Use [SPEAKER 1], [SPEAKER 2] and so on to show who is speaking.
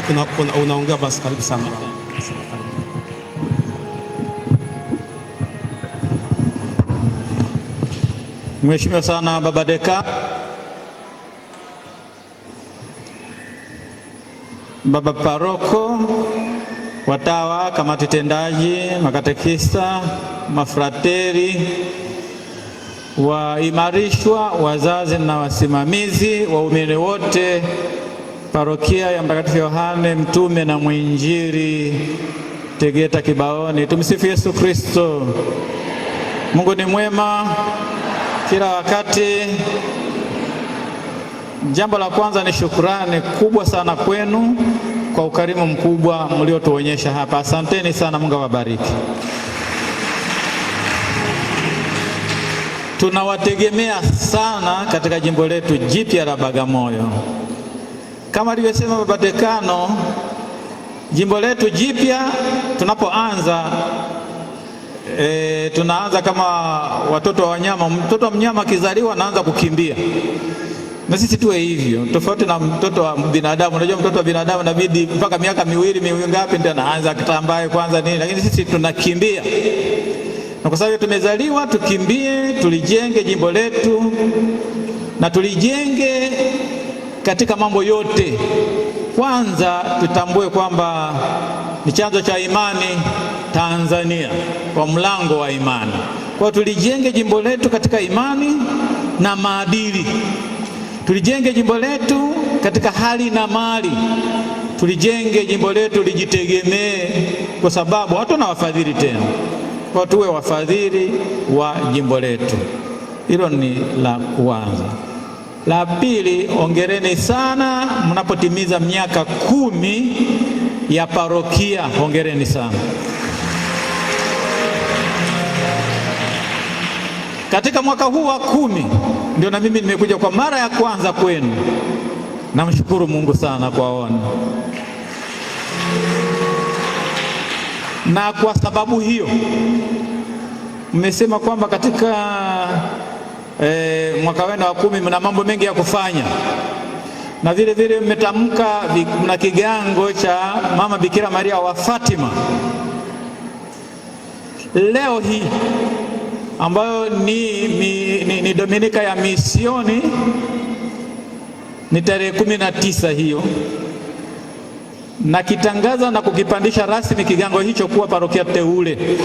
[SPEAKER 1] baadaye unaongea basi. Karibu sana. Mheshimiwa sana Baba Deka, Baba Paroko, watawa, kamati tendaji, makatekista, mafrateri, waimarishwa, wazazi na wasimamizi, waumini wote Parokia ya Mtakatifu Yohane Mtume na Mwinjili, Tegeta Kibaoni. Tumsifu Yesu Kristo. Mungu ni mwema kila wakati. Jambo la kwanza ni shukrani kubwa sana kwenu kwa ukarimu mkubwa mliotuonyesha hapa. Asanteni sana, Mungu awabariki. Tunawategemea sana katika jimbo letu jipya la Bagamoyo. Kama alivyosema Baba Dekano, jimbo letu jipya tunapoanza e, tunaanza kama watoto wa wanyama. Mtoto wa mnyama akizaliwa anaanza kukimbia, na sisi tuwe hivyo, tofauti na mtoto wa binadamu. Unajua mtoto wa binadamu inabidi mpaka miaka miwili mingapi ndio anaanza kitambaye kwanza nini, lakini sisi tunakimbia na kwa sababu tumezaliwa tukimbie, tulijenge jimbo letu na tulijenge katika mambo yote. Kwanza tutambue kwamba ni chanzo cha imani Tanzania, kwa mlango wa imani. Kwa tulijenge jimbo letu katika imani na maadili, tulijenge jimbo letu katika hali na mali, tulijenge jimbo letu lijitegemee, kwa sababu hatuna wafadhili tena. Kwa tuwe wafadhili wa jimbo letu. Hilo ni la kwanza. La pili, ongereni sana mnapotimiza miaka kumi ya parokia, ongereni sana. Katika mwaka huu wa kumi ndio na mimi nimekuja kwa mara ya kwanza kwenu. Namshukuru Mungu sana kwaona, na kwa sababu hiyo mmesema kwamba katika e, mwaka wenu wa kumi, mna mambo mengi ya kufanya, na vile vile mmetamka, na kigango cha mama Bikira Maria wa Fatima leo hii ambayo ni, ni, ni, ni Dominika ya misioni ni tarehe kumi na tisa hiyo, na kitangaza na kukipandisha rasmi kigango hicho kuwa parokia teule.